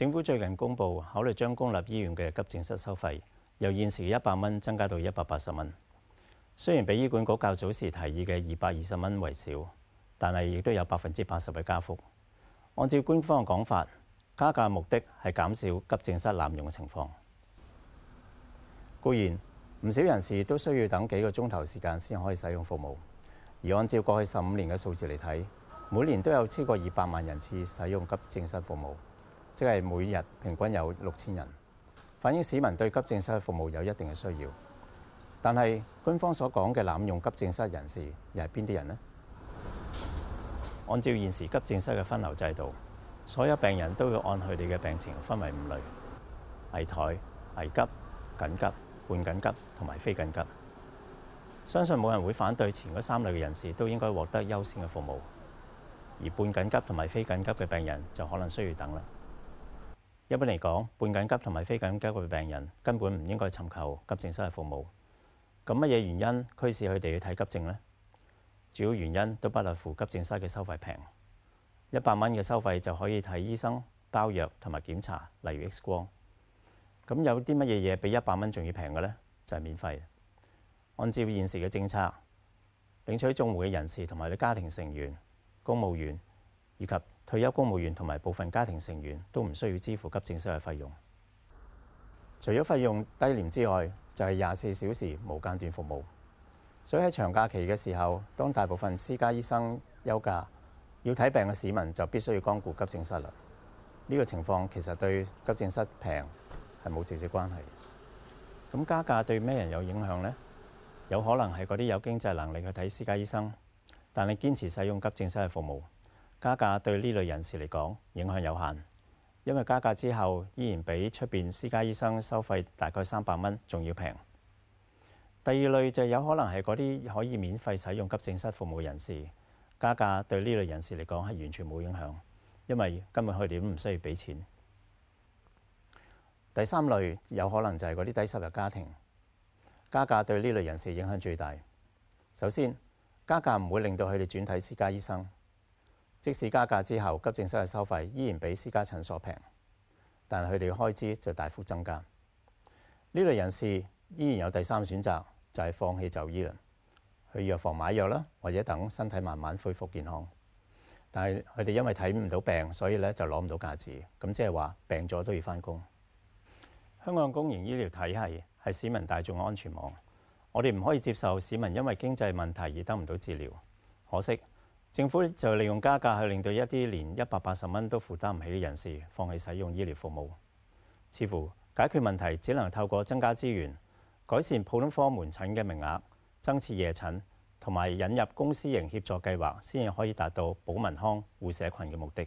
政府最近公布，考慮將公立醫院嘅急症室收費由現時一百蚊增加到一百八十蚊。雖然比醫管局較早時提議嘅二百二十蚊為少，但係亦都有百分之八十嘅加幅。按照官方嘅講法，加價的目的係減少急症室濫用嘅情況。固然唔少人士都需要等幾個鐘頭時，時間先可以使用服務，而按照過去十五年嘅數字嚟睇，每年都有超過二百萬人次使用急症室服務。即係每日平均有六千人，反映市民對急症室嘅服務有一定嘅需要。但係，官方所講嘅濫用急症室人士，又係邊啲人呢？按照現時急症室嘅分流制度，所有病人都要按佢哋嘅病情分為五類：危殆、危急、緊急、半緊急同埋非緊急。相信冇人會反對前嗰三類嘅人士都應該獲得優先嘅服務，而半緊急同埋非緊急嘅病人就可能需要等啦。一般嚟講，半緊急同埋非緊急嘅病人根本唔應該尋求急症室嘅服務。咁乜嘢原因驅使佢哋要睇急症呢？主要原因都不外乎急症室嘅收費平，一百蚊嘅收費就可以睇醫生、包藥同埋檢查，例如 X 光。咁有啲乜嘢嘢比一百蚊仲要平嘅呢？就係、是、免費。按照現時嘅政策，領取綜援嘅人士同埋你家庭成員、公務員。以及退休公務員同埋部分家庭成員都唔需要支付急症室嘅費用。除咗費用低廉之外，就係廿四小時無間斷服務。所以喺長假期嘅時候，當大部分私家醫生休假，要睇病嘅市民就必須要光顧急症室啦。呢個情況其實對急症室平係冇直接關係。咁加價對咩人有影響呢？有可能係嗰啲有經濟能力去睇私家醫生，但你堅持使用急症室嘅服務。加價對呢類人士嚟講影響有限，因為加價之後依然比出邊私家醫生收費大概三百蚊仲要平。第二類就有可能係嗰啲可以免費使用急症室服務人士，加價對呢類人士嚟講係完全冇影響，因為根本佢哋唔需要俾錢。第三類有可能就係嗰啲低收入家庭，加價對呢類人士影響最大。首先，加價唔會令到佢哋轉睇私家醫生。即使加價之後，急症室嘅收費依然比私家診所平，但佢哋嘅開支就大幅增加。呢類人士依然有第三選擇，就係放棄就醫啦，去藥房買藥啦，或者等身體慢慢恢復健康。但係佢哋因為睇唔到病，所以咧就攞唔到價值。咁即係話病咗都要返工。香港公營醫療體系，係市民大眾安全網，我哋唔可以接受市民因為經濟問題而得唔到治療。可惜。政府就利用加價去令到一啲連一百八十蚊都負擔唔起嘅人士放棄使用醫療服務，似乎解決問題只能透過增加資源、改善普通科門診嘅名額、增設夜診同埋引入公私營協助計劃，先至可以達到保民康、護社群嘅目的。